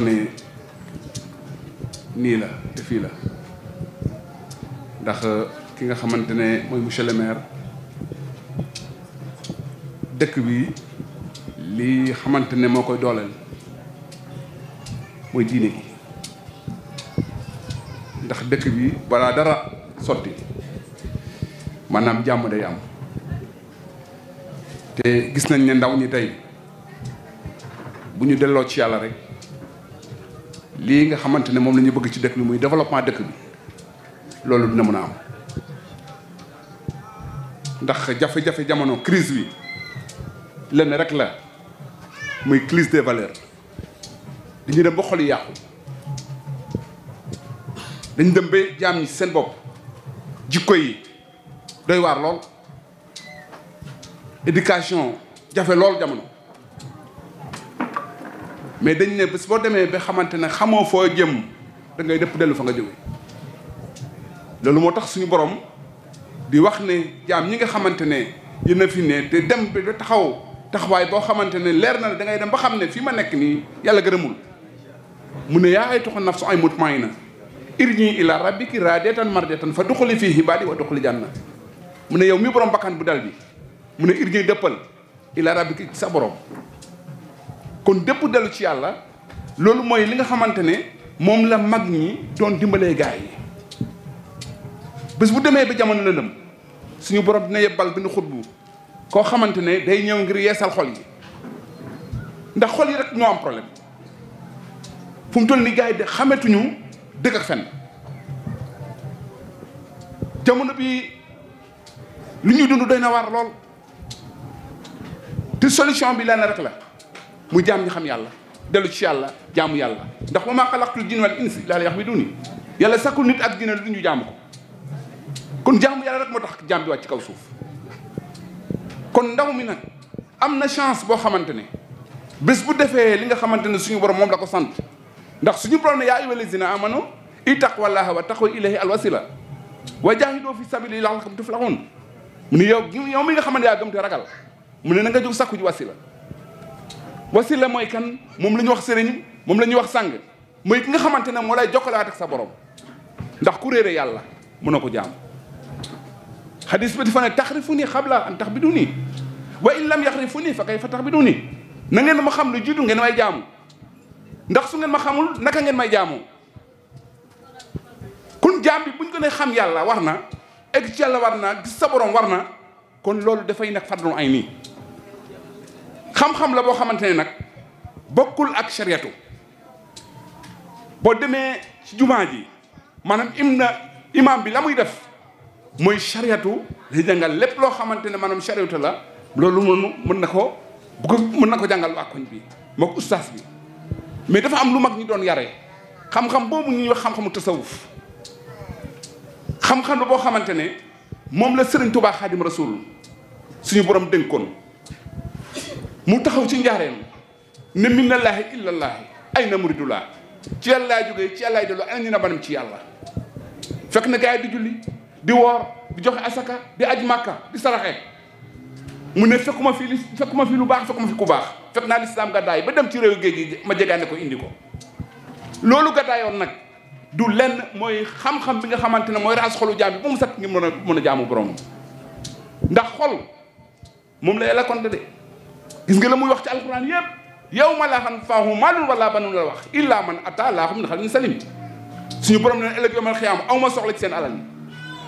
wax nii la te fii la ndax euh, ki nga xamante ne mooy monsieur dëkk bi li xamante ne moo koy dooleel mooy diine gi ndax dëkk bi balaa dara sotti maanaam jàmm day am te gis nañ ne ndaw ñi tey bu ñu delloo ci yàlla rek li nga ne moom bëgg ci développement dëkk bi loolu dina mën am ndax jafe-jafe jamono crise bi lenn rek la muy crise des valeurs que dem ba xol yi yàqu que dem ba jaam jikko yi doy waar lool éducation jafe lool jamono mais dañ ne bés boo demee ba xamante ne xamoo foo jëm dangay ngay dëpp dellu fa nga jóge loolu moo tax suñu borom di wax ne jaam ñi nga xamante ne yéen a fi ne te dem ba taxaw taxawaay boo xamante ne leer na ne da ngay dem ba xam ne fii ma nekk nii yàlla gërëmul mu ne yaa ayyatuha nafsu ay na mutmaina irji ila rabbiki raadiyatan mardiyatan fa duxuli fii ibaadi wa duxuli janna mu ne yow mi borom bakkan bu dal bi mu ne irji dëppal ila rabbiki sa borom kon dépp dellu ci yàlla loolu mooy li nga xamante ne moom la mag ñi doon dimbalee gaay yi bés bu demee ba jamono lëndëm suñu borom dina yëppal bi nu xutbu koo xamante ne day ñëw ngir yeesal xol yi ndax xol yi rek ñoo am problème fu mu toll ni gaay yi de xametuñu dëgg ak fen jamono bi lu ñuy dund doy na waar lool te solution bi lenn rek la mu jam ñu xam yàlla delu ci yàlla jaamu yàlla ndax wama khalaqtu xalaqtul jinna wal insa la liya'buduun yàlla sakkul nit ak dina luñu jam ko kon jaamu yàlla rek motax jam bi wàcc ci kaw suuf kon ndaw mi nak amna chance bo xamantene bés bu defé li nga xamantene suñu borom mom la ko sante ndax suñu borom ya yaa ayyuhal lazina amanu ittaqullaha wa taqu ilayhi alwasila wa jaahidu fi sabilihi la'allakum tuflihun mu ne yow yow mi nga xamantene ya gëm te ragal mune na nga jox sakku ci wasila wasila mooy kan moom la ñu wax sëriñ moom la ñuy wax sàng mooy ki nga xamante ne moo lay jokkalaat ak sa borom ndax ku réere yàlla mënoo ko jaam xadis ba dafa ne taxrifu nii xabla an tax bi du nii wa in lam yaxrifu nii fa kay fa tax bi du nii na ngeen ma xam lu jiitu ngeen may ndax su ngeen ma xamul naka ngeen may jaamu kun jaam bi buñ ko ne xam yàlla war na egg ci yàlla war na gis sa borom war na kon loolu dafay nag fardu ay nii xam-xam la boo xamante ne nag bokkul ak sariyatu boo demee ci jumaa ji maanaam im na imaam bi la muy def mooy sariyatu di jàngal lépp loo xamante ne maanaam sariyatu la loolu noonu mën na ko na ko jàngal bi mook ustaas mais dafa am lu mag ñi doon yare xam-xam boobu mu wax xam-xamu tasawuf xam-xam la boo xamante ne moom la sëriñ Tuubaa Xaadim Rasuul suñu borom dénkoon mu taxaw ci njaareem ne min allaahi illallaahi ay na muridulaa ci yàlla laa jógee ci yàlla laay dellu ana ñu na banam ci yàlla fekk na gars yi di julli di woor di joxe asaka di aj màkka di saraxe mu ne fekkuma fi li fekkuma fi lu baax fekkuma fi ku baax fekk naa lislaam gàddaay ba dem ci réew géej gi ma jegaane ko indi ko loolu gàddaayoon nag du lenn mooy xam-xam bi nga xamante ne mooy raas xolu jaam bi ba mu set ngir mën a mën a jaamu borom ndax xol moom la yàlla konte de gis nga la muy wax ci alquran yëpp yow ma la xam mu faahu maalun wala banun la wax illaa man ata laa xam ne xam ne salim suñu borom leen ëllëg yomal xiyaam aw ma soxla ci seen alal yi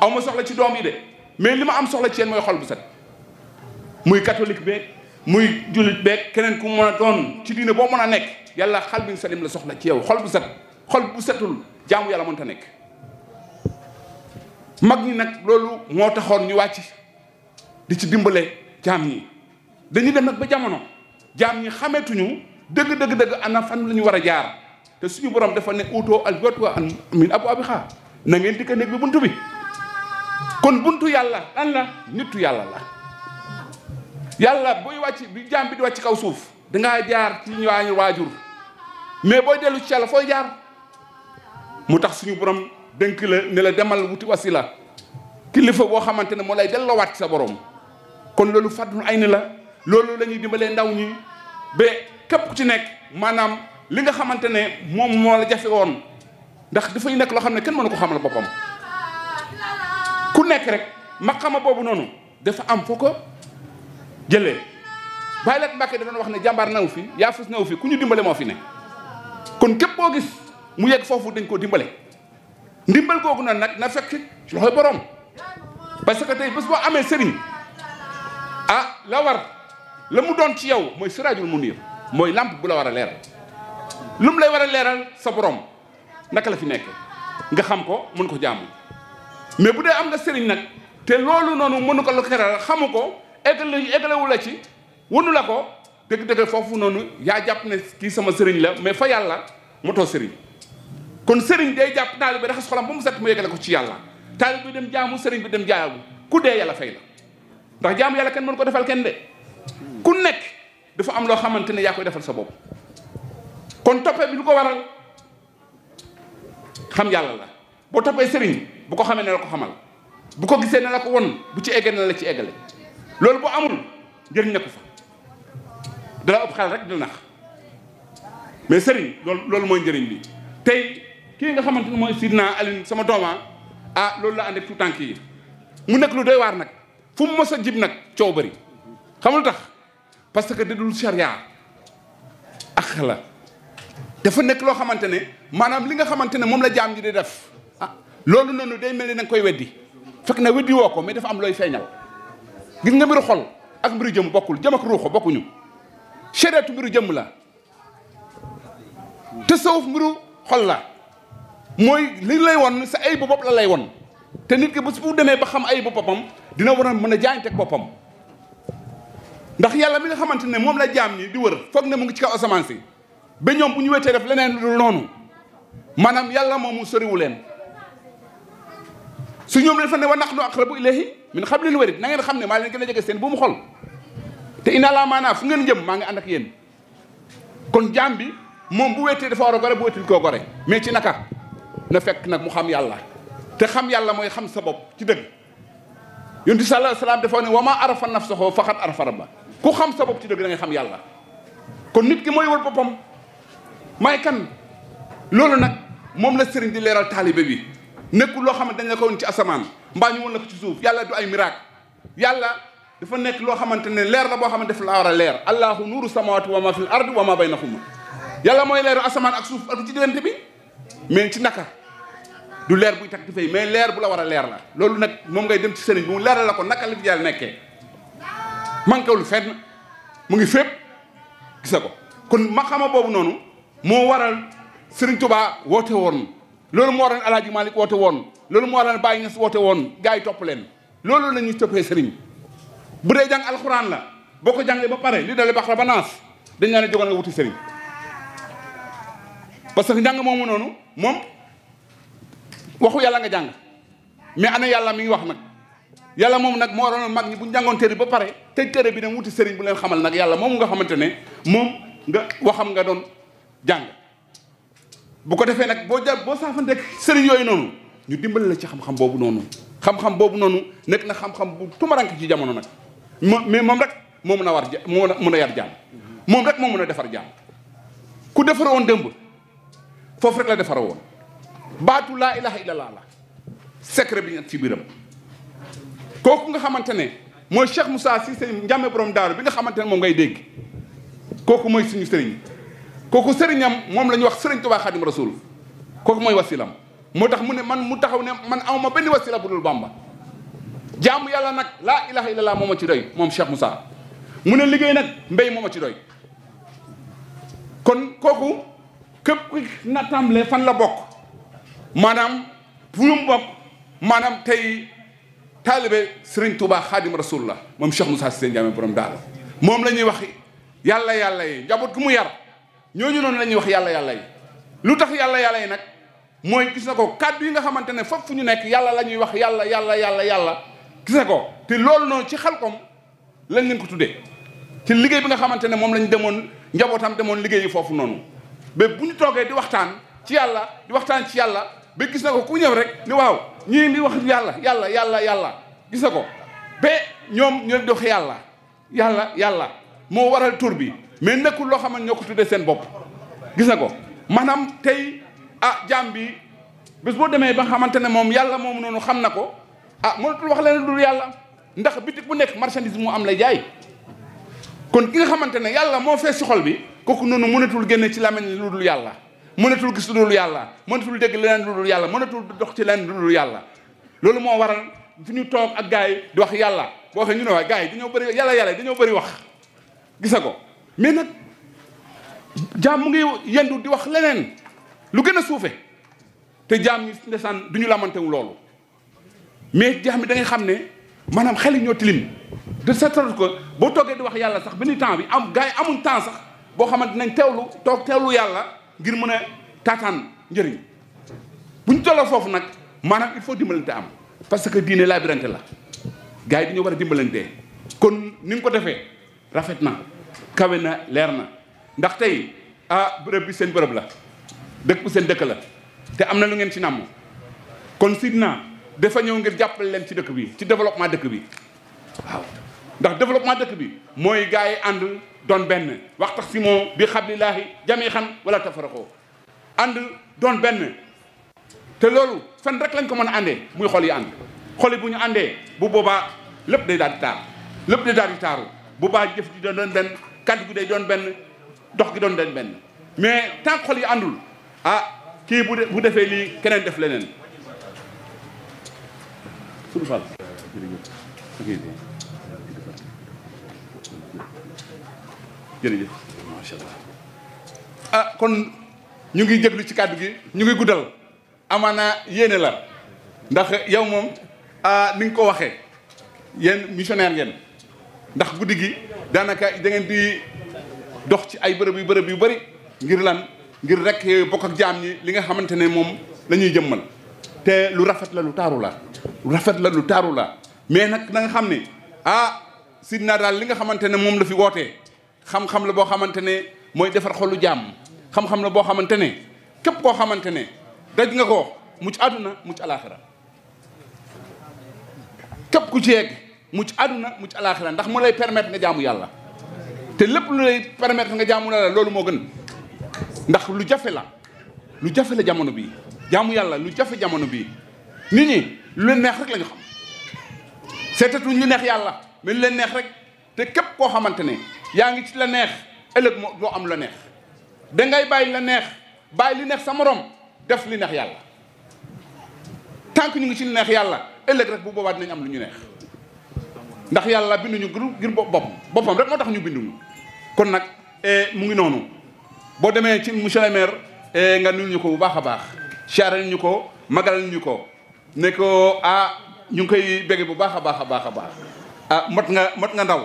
aw ma soxla ci doom yi de mais li ma am soxla ci seen mooy xol bu set muy catholique beeg muy jullit beeg keneen ku mun a doon ci diine boo mën a nekk yàlla xal bin salim la soxla ci yow xol bu set xol bu setul jaamu yàlla mënta nekk mag ñi nag loolu moo taxoon ñu wàcc di ci dimbale jaam yi dañu dem nak ba jamono jam ñi xameetuñu deug deug deug ana fan lañu wara jaar te suñu borom dafa ne al gotwa an min abu abi xaa na ngeen dikk nek bi buntu bi kon buntu yalla lan la nitu yalla la yalla boy wacc bi jam bi di wacc kaw suuf nga jaar ci ñwaañu wajur mais boy delu ci yalla fo jaar suñu borom la ne la demal wuti wasila kilifa bo xamantene mo lay delo wat sa borom kon lolu fadlu ay la loolu lañuy ñuy dimbalee ndaw ñi ba képp ku ci nekk maanaam li nga xamante ne moom moo la jafe woon dafa dafay nekk loo xam ne kenn mënu ko xamal boppam ku nekk rek maqama boobu noonu dafa am foo ko jëlee bàyyi laat Mbàkke dafa wax ne jàmbaar naw fi yaa fus naw fi ku ñu dimbale moo fi ne kon képp koo gis mu yegg foofu dañ koo dimbale ndimbal googu na nag na fekk ci loxoy borom parce que tey bés boo amee sëriñ a ah la war la mu doon ci yow mooy si mu muniir mooy làmp bu la war a leeral lu mu lay war a leeral sa naka la fi nekk nga xam ko mën ko jaamu mais bu dee am nga sëriñ nag te loolu noonu mënu ko la xeral xamu ko eggale eggalewu la ci wanu la ko dëgg-dëgg foofu noonu yaa jàpp ne kii sama sëriñ la mais fa yàlla motoo sëriñ kon sëriñ day jàpp taalibe raxas xolam ba mu set mu yeggale ko ci yàlla taalibe bi dem jaamu sëriñ bi dem jaamu ku dee yàlla fay la ndax jaamu yàlla kenn mënu ku nekk dafa am loo xamante ne yaa koy defal sa bopp kon toppee bi du ko waral xam yàlla la boo toppee sëriñ bu ko xamee ne la ko xamal bu ko gisee ne la ko won bu ci eggee ne la ci eggale loolu bu amul njëriñ nekku fa dala ëpp xel rek dina nax mais sëriñ loolu loolu mooy njëriñ bi tey kii nga xamante ne mooy Sidna Alioune sama dooma ah loolu la ànd ak tout tànk yi mu nekk lu doy waar nag fu mu mos a jib nag coow bëri xam lu tax parce que da sharia charia ak la dafa nek lo xamantene manam li nga xamantene mom la jaam ji di def ah loolu day melni nang koy weddi fek na weddi woko mais dafa am loy feñal gis nga mbiru xol ak mbiru jëm bokul jëm ak bokku ñu mbiru jëm la sauf mbiru xol la moy li lay won sa ay bu la lay won te nit ki bu deme ba xam ay bu dina war a jaante ak bopam ndax yàlla mi nga xamante ne moom la jaam ñi di wër foog ne mu ngi ci kaw asamaan si ba ñoom bu ñu wetee def leneen lu noonu maanaam yàlla moomu soriwu leen su ñoom leen fa ne wa nahnu aqrabu ilayhi min hablil warid na ngeen xam ne maa leen gën a jege seen bu mu xol te inna laa maanaa fu ngeen jëm maa ngi ànd ak kon jaam bi moom bu wetee dafa war a gore bu wetul koo gore mais ci naka na fekk nag mu xam yàlla te xam yàlla mooy xam sa bopp ci dëgg yonent sa sallallahu alayhi wa sallam dafa ne wa maa arafa nafsahu faqad arafa rabbahu ku xam sa bopp ci dëgg da ngay xam yàlla kon nit ki mooy wër boppam may loolu nag moom la sëriñ di leeral taalibe bi nekkul loo xam dañ la ci asamaan mbaa ñu woon la ci suuf yàlla du ay miracle yàlla dafa nekk loo xamante ne leer la boo xam ne def la war a leer allahu nuuru samawati wa ma fil ardi wa ma baynahuma yàlla mooy leeru asamaan ak suuf ak ci diggante bi mais ci naka du leer buy takk di fay mais leer bu la war a leer la loolu nag moom ngay dem ci sëriñ bi mu leeral la ko naka la fi yàlla nekkee mankewul fenn mu ngi fépp gis na ko kon maxama boobu noonu moo waral Serigne Touba woote woon loolu moo waral Alaaji Malick woote woon loolu moo waral Baye Niass woote woon gars yi topp leen loolu la ñuy toppee Serigne bu dee jàng alxuraan la boo ko jàngee ba pare li dalee baax la dañ laa ne jógal nga parce que njàng moomu moom waxu yàlla nga jàng mais ana yàlla mi wax nag. yàlla moom nag moo waroon mag ñi bu njàngoon téere ba pare tëj téere bi dem wuti sëriñ bu leen xamal nag yàlla moom nga xamante ne moom nga waxam nga doon jàng bu ko defee nag boo jàpp boo saafanteek sëriñ yooyu noonu ñu dimbali la ci xam-xam boobu noonu xam-xam boobu noonu nekk na xam-xam bu tumarank ci jamono nag mo mais moom rek moom mën a war ja moo mën a yar jaam moom rek moo mën a defar jaam ku defar woon démb foofu rek la defar woon baatu laa ilaha illallah la secret bi ñu ci biiram kooku nga xamante ne mooy Cheikh Moussa Cissé Ndiamé borom daaru bi nga xamante ne moom ngay dégg kooku mooy suñu sëriñ kooku sëriñam moom la ñuy wax sëriñ Tuubaa Xaadim Rasuul kooku mooy wasilam moo tax mu ne man mu taxaw ne man awma benn wasila bu dul Bàmba jaamu yàlla nag laa ilaha illallah moom a ci doy moom Cheikh Moussa mu ne liggéey nag mbéy moom ci doy kon kooku képp ku na tàmbalee fan la bokk maanaam fu mu bokk maanaam tey taalibe Serigne Touba Khadim Rasulullah moom Cheikh Moussa Cissé Ndiamé borom daal moom la ñuy wax yàlla yàlla yi njaboot gu mu yar ñooñu noonu la ñuy wax yàlla yàlla yi. lu tax yàlla yàlla yi nag mooy gis kàddu yi nga xamante ne foofu ñu nekk yàlla la ñuy wax yàlla yàlla yàlla yàlla gis ko te loolu noonu ci xalkom lañ leen ko tuddee ci liggéey bi nga xamante ne moom lañ demoon njabootam demoon liggéeyi foofu noonu mais bu ñu toogee di waxtaan ci yàlla di waxtaan ci yàlla. ba gis na ko ku ñëw rek ni waaw ñii di wax yàlla yàlla yàlla yàlla gis ko ba ñoom ñoo yàlla yàlla yàlla moo waral tur bi mais nekkul loo xam ne ñoo ko tuddee seen bopp gis ko maanaam tey ah jaam bi bés boo demee ba nga xamante ne moom yàlla moomu noonu xam na ko ah mënatul wax leen dul yàlla ndax bitik bu nekk marchandise mu am lay jaay kon ki nga xamante ne yàlla moo fees si xol bi kooku noonu mënatul génne ci làmmiñ lu dul yàlla mënatul gis lu dul yàlla mënatul dégg leneen lu dul yàlla mënatul dox ci leneen lu yàlla loolu moo waral fi ñu toog ak gars yi di wax yàlla boo waxee ñu ne waay gars yi dañoo bëri yàlla yàlla dañoo bëri wax gisa ko mais nag jaam mu ngi yendu di wax leneen lu gën a suufe te jaam ñi ndesaan du ñu lamantewu loolu mais jaam mi da xam ne maanaam xel yi ñoo tilim de cette sorte que boo toogee di wax yàlla sax benn temps bi am gars yi amuñ temps sax boo xamante nañ teewlu toog teewlu yàlla ngir mën a taataan njëriñ bu ñu tolloo foofu nag maanaam il faut dimbalante am parce que diine laa labyrinthe la gars yi ñu war a dimbalante kon ni ko defee rafet na kawe na leer na ndax tey ah bërëb bi seen bërëb la dëkk bu seen dëkk la te am na lu ngeen ci nàmm kon naa dafa ñëw ngir jàppale leen ci dëkk bi ci développement dëkk bi waaw ndax développement dëkk bi mooy gars yi ànd doon benn waxtax si moo bi xablilaahi jamee xam wala tafarakoo ànd doon benn te loolu fan rek lañ ko mën a àndee muy xol yi ànd xol bu ñu àndee bu boobaa lépp day daal taar lépp day daal di taaru bu baa jëf di doon benn kàddu gi dee doon benn dox gi doon den benn mais tant xol yi àndul ah kii bu bu defee lii keneen def leneen jërëjëf macha allah ah kon ñu ngi jéglu ci kàddu gi ñu ngi guddal amaana yéene la ndax yow moom ah ni nga ko waxee yéen missionnaire ngeen ndax guddi gi daanaka da ngeen di dox ci ay bërëb yu bërëb yu bëri ngir lan ngir rek bokk ak jaam ñi li nga jëmmal te lu rafet la lu taaru la rafet la lu taaru la mais na nga ah sidna daal li nga xamante ne moom la fi wootee xam-xam la boo xamante ne mooy defar xolu jàmm xam-xam la boo xamante ne képp koo xamante ne daj nga ko mucc àdduna mucc alaaxira képp ku ci yegg mucc àdduna mucc alaaxira ndax mu lay permettre nga jaamu yàlla te lépp lu lay permettre nga jaamu yàlla loolu moo gën ndax lu jafe la lu jafe la jamono bi jaamu yàlla lu jafe jamono bii nit ñi lu leen neex rek la ñu xam seetatuñ lu neex yàlla mais lu neex rek te képp koo xamante ne yaa ngi ci la neex ëllëg moo moo am la neex dangay bàyyi la neex bàyyi li neex sa morom def li neex yàlla tant ñu ngi ci li neex yàlla ëllëg rek bu boobaa dinañ am lu ñu neex ndax yàlla binduñu ngir ngir boppam boppam rek moo tax ñu binduñu kon nag e, mu ngi noonu boo demee ci monsieur le maire e, nga nuyu ñu ko bu baax a baax siyaare ñu ko magal ñu ko ne ko ah ñu ngi koy bége bu baax a baax a baax a baax ah mot nga mot nga ndaw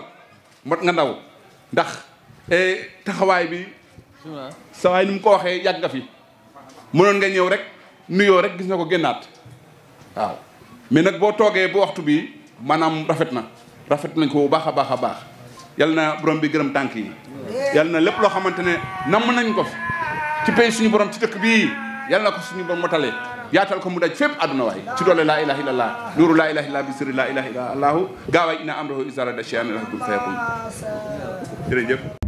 mot nga ndaw ndax eh, taxawaay bi sa waay ni mu ko waxee yàgg nga fi mënoon nga ñëw rek nuyoo rek gis na ko génnaat waaw mais nag boo toogee bu waxtu bi maanaam rafet na rafet nañ ko bu baax a baax a baax yal na borom bi gërëm tànk yi yal na lépp loo xamante ne namm nañ ko fi ci pays suñu borom ci dëkk bii yal na ko suñu borom motale yaatal ko mu daj fépp àdduna waay ci doole laa ilaha illallah nuuru laa ilaha illallah bi sirri laa ilaha illallah gaawaay ina amrahu isara da chean lahakul fayakun jërëjëf